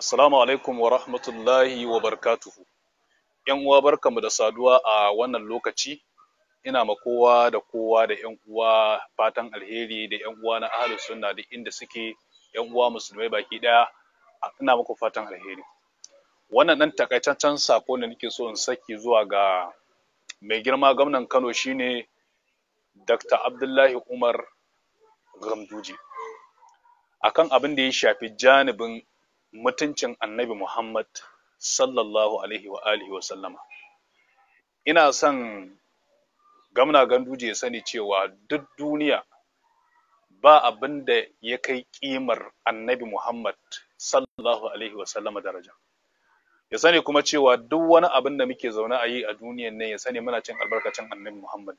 Assalamu alaikum wa rahmatullahi wa barkatuhu. ‘Yan uwa mu da saduwa a wannan lokaci, ina ma kowa da kowa da ƴan uwa fatan alheri da ƴan uwa na ahalin sunna da inda suke ‘yan uwa musulmai baki ɗaya, ina muku fatan alheri. Wannan ɗan takaitaccen sako da nake so in saki zuwa ga mai girma gwamnan Kano shine Dr. Abdullahi Umar Gamduji. Akan abin da ya shafi janibin mutuncin annabi Muhammad sallallahu alaihi wa alihi wa sallama. Ina son gamna ganduje ya sani cewa duk duniya ba abin da ya kai ƙimar annabi Muhammad sallallahu alaihi wa sallama daraja. Ya sani kuma cewa duk wani abin da muke zaune a yi a duniyan ne ya sani muna cin albarkacin annabi Muhammad.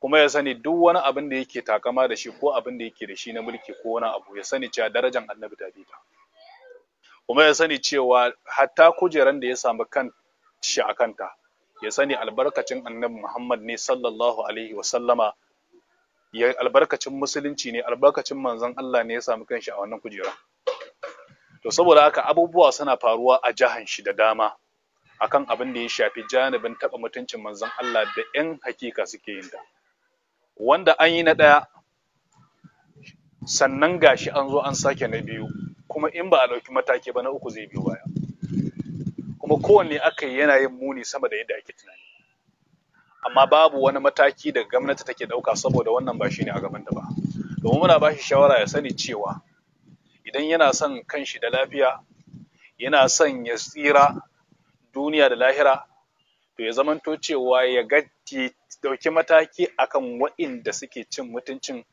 kuma ya sani duk wani abin da yake takama da shi ko abin da yake da shi na mulki ko wani abu ya sani cewa darajar annabi ta bi kuma ya sani cewa hatta kujeran da ya samu kan shi a kanta ya sani albarkacin annabi Muhammad ne sallallahu alaihi wa sallama ya albarkacin musulunci ne albarkacin manzon Allah ne ya samu kanshi a wannan kujera to saboda haka abubuwa suna faruwa a jahan shi da dama akan abin da ya shafi janibin taba mutuncin manzon Allah da yan hakika suke yin ta wanda an yi na ɗaya sannan ga shi an zo an sake na biyu kuma in ba a ɗauki mataki ba na uku zai biyo baya kuma kowanne aka yi yana yin muni sama da yadda ake tunani amma babu wani mataki da gwamnati take ɗauka saboda wannan ba shi ne a gaban da ba domin muna ba shi shawara ya sani cewa idan yana son kan shi da lafiya yana son ya tsira duniya da lahira to ya zamanto cewa ya ga dauki mataki akan waɗanda suke cin mutuncin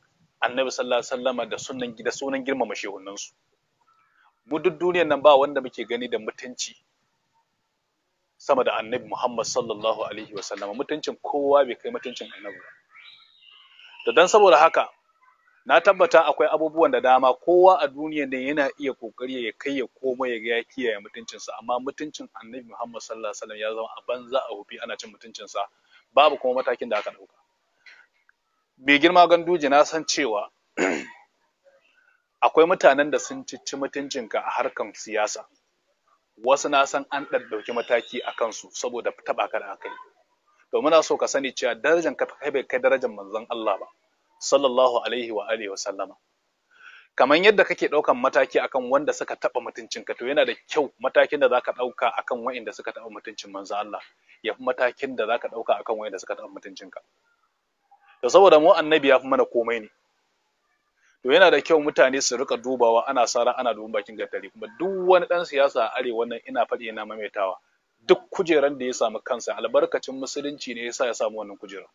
annabi sallallahu alaihi wasallama da sunan gida sunan girmama shehunansu mu duk duniyar nan ba wanda muke gani da mutunci sama da annabi Muhammad sallallahu alaihi wasallama mutuncin kowa bai kai mutuncin annabi ba to dan saboda haka na tabbata akwai abubuwan da dama kowa a duniya ne yana iya kokari ya kai ya koma ya ga ya kiyaye mutuncinsa amma mutuncin annabi Muhammad sallallahu alaihi wasallam ya zama a banza a hufi ana cin mutuncinsa babu kuma matakin da aka dauka mai girma ganduje na san cewa akwai mutanen da sun cici mutuncinka a harkan siyasa wasu na san an ɗauki mataki a kansu saboda taɓa ka da akai domin na so ka sani cewa darajar ka kai bai kai darajar manzon Allah ba sallallahu alaihi wa alihi wa sallama kamar yadda kake ɗaukan mataki akan wanda suka taɓa mutuncinka to yana da kyau matakin da zaka ɗauka akan wa'inda suka taɓa mutuncin manzo Allah ya fi matakin da zaka ɗauka akan wa'inda suka taɓa mutuncinka to saboda mu annabi ya fi mana komai ne to yana da kyau mutane su rika dubawa ana sara ana dubin bakin gattari kuma duk wani dan siyasa a arewa nan ina faɗi ina mametawa, duk kujeran da ya samu kansa albarkacin musulunci ne yasa ya samu wannan kujerar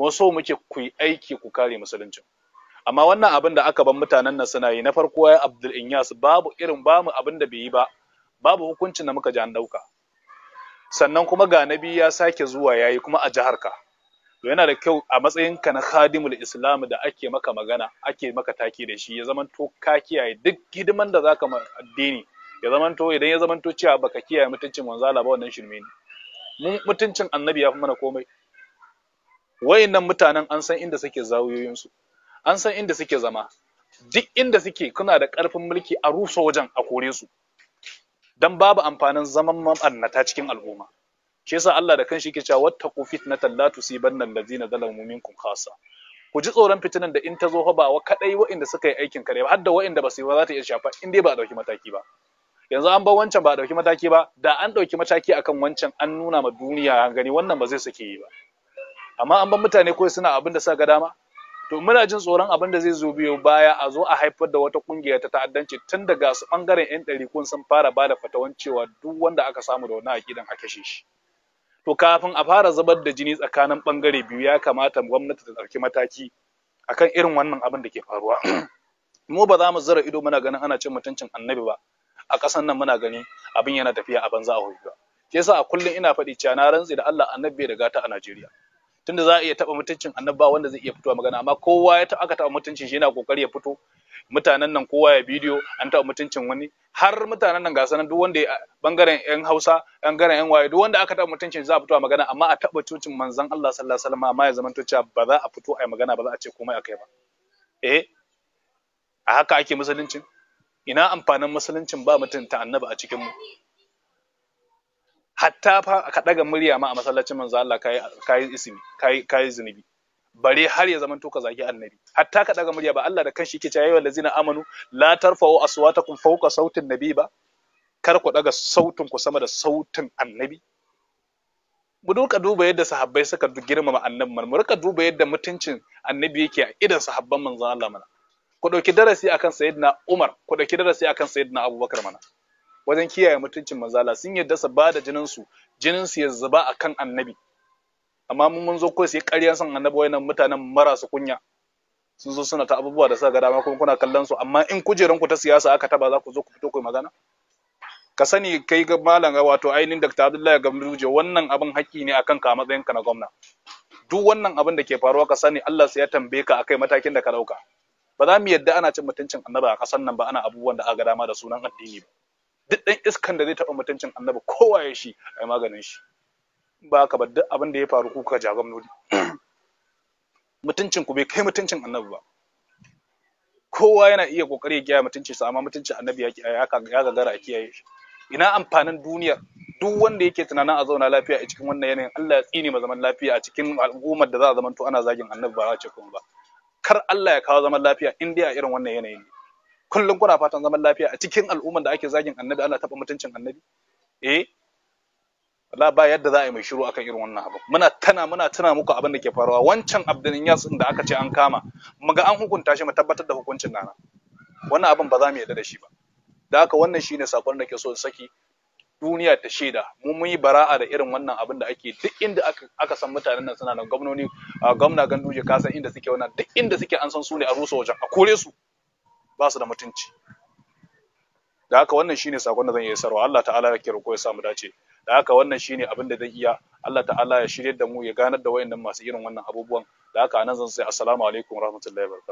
ko so muke ku aiki ku kare Musulunci. amma wannan abin da aka ban mutanen nan suna yi na farko ya Abdul Inyas babu irin bamu abin da bai yi ba babu hukuncin da muka ji an dauka sannan kuma ga nabi ya sake zuwa yayi kuma a jihar ka to yana da kyau a matsayin ka na khadimul islam da ake maka magana ake maka taki da shi ya zaman to ka kiyaye duk hidiman da zaka ma addini ya zaman to idan ya zaman to cewa baka kiyaye mutuncin manzo Allah ba wannan shirme ne mutuncin annabi ya fi mana komai wayannan mutanen an san inda suke zawiyoyinsu an san inda suke zama duk inda suke kuna da ƙarfin mulki a rusa wajen a kore su dan babu amfanin zaman ma'annata cikin al'umma shi yasa Allah da kanshi yake cewa wattaqu fitnatan la tusibanna allazina zalamu minkum khassa ku ji tsoron fitinan da in ta zo ba wa kadai waɗanda suka yi aikin kare ba har da waɗanda ba su ba za ta iya shafa in dai ba a dauki mataki ba yanzu an bar wancan ba a dauki mataki ba da an dauki mataki akan wancan an nuna ma duniya gani wannan ba zai sake yi ba amma an ban mutane kawai suna abin da suka ga dama to muna jin tsoron abin da zai zo biyo baya a zo a haifar da wata kungiya ta ta'addanci tun daga su bangaren yan ɗari kun sun fara bada fatawan cewa duk wanda aka samu da wani akidan a kashe shi to kafin a fara zubar da jini tsakanin bangare biyu ya kamata gwamnati ta ɗauki mataki akan irin wannan abin da ke faruwa mu ba za mu zara ido muna ganin ana cin mutuncin annabi ba a ƙasan nan muna gani abin yana tafiya a banza a hoyi ba yasa a kullum ina faɗi cewa na rantsi da Allah annabi bai riga ta a Najeriya tunda za a iya taba mutuncin annaba wanda zai iya fitowa magana amma kowa ya aka taba mutuncin shi yana kokari ya fito mutanen nan kowa ya bidiyo an taba mutuncin wani har mutanen nan gasa nan duk wanda bangaren yan Hausa bangaren yan waye duk wanda aka taba mutuncin za a fito a magana amma a taba cocin manzon Allah sallallahu alaihi wasallam amma ya zamanto cewa ba za a fito a magana ba za a ce komai akai ba eh a haka ake musuluncin ina amfanin musuluncin ba mutunta annabi annaba a cikin mu hatta fa ka daga murya ma a masallacin manzo Allah kai kai ismi kai kai zunubi bare har ya zamanto ka zaki annabi hatta ka daga murya ba Allah da kanshi yake cewa ayyuhal ladzina amanu la tarfa'u aswatakum fawqa sautin nabi ba kar ku daga sautin ku sama da sautin annabi mu duka duba yadda sahabbai suka girmama annabi mu rika duba yadda mutuncin annabi yake a idan sahabban manzo Allah mana ku dauki darasi akan sayyidina Umar ku dauki darasi akan sayyidina Abubakar mana wajen kiyaye mutuncin manzala sun yarda su ba da jininsu jininsu ya zuba a kan annabi amma mun mun zo ko sai ƙaryan san annabi wayannan mutanen marasu kunya sun zo suna ta abubuwa da suka ga dama kuma kuna kallon su amma in kujerun ku ta siyasa aka taba za ku zo ku fito ku magana ka sani kai ga malam wato ainihin Dr. Abdullahi Gamruje wannan abin haƙƙi ne akan ka matsayin ka na gwamna duk wannan abin da ke faruwa ka sani Allah sai ya tambaye ka akai matakin da ka dauka ba za mu yadda ana cin mutuncin annabi a ƙasar nan ba ana abubuwan da aka ga dama da sunan addini ba duk ɗan iskan da zai taɓa mutuncin annabi kowa ya shi a maganin shi ba ka ba duk abin da ya faru kuka ja gwamnati mutuncin ku bai kai mutuncin annabi ba kowa yana iya kokari ya kiyaye mutuncin sa amma mutuncin annabi ya ya gagara a kiyaye shi ina amfanin duniyar duk wanda yake tunanin a zauna lafiya a cikin wannan yanayin Allah ya tsini ma zaman lafiya a cikin al'ummar da za a zamanto ana zagin annabi ba za a ce kuma ba kar Allah ya kawo zaman lafiya in dai a irin wannan yanayin kullum kuna fatan zaman lafiya a cikin al'umman da ake zagin annabi ana taɓa mutuncin annabi eh la ba yadda za a yi mai shiru akan irin wannan abu muna tana muna tana muku abin da ke faruwa wancan abdin yas da aka ce an kama muga an hukunta shi mu tabbatar da hukuncin nana wannan abin ba za mu yarda da shi ba da haka wannan shine sakon da ke so saki duniya ta shaida mu mun yi bara'a da irin wannan abin da ake duk inda aka san mutanen nan suna nan gwamnoni gwamna ganduje ka san inda suke wannan duk inda suke an san su ne a rusa wajen a kore su ba su da mutunci da haka wannan shine sakon da zan iya sarwa Allah ta'ala ya kira ko ya samu dace da haka wannan shine abin da zan iya Allah ta'ala ya shirye da mu ya ganar da wayannan masu irin wannan abubuwan da haka anan zan sai assalamu alaikum warahmatullahi wabarakatuh